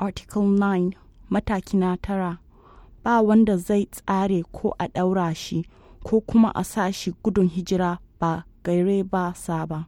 Article 9 mataki na tara ba wanda zai tsare ko a ɗaura shi ko kuma a sa shi gudun hijira ba gaire ba sa ba.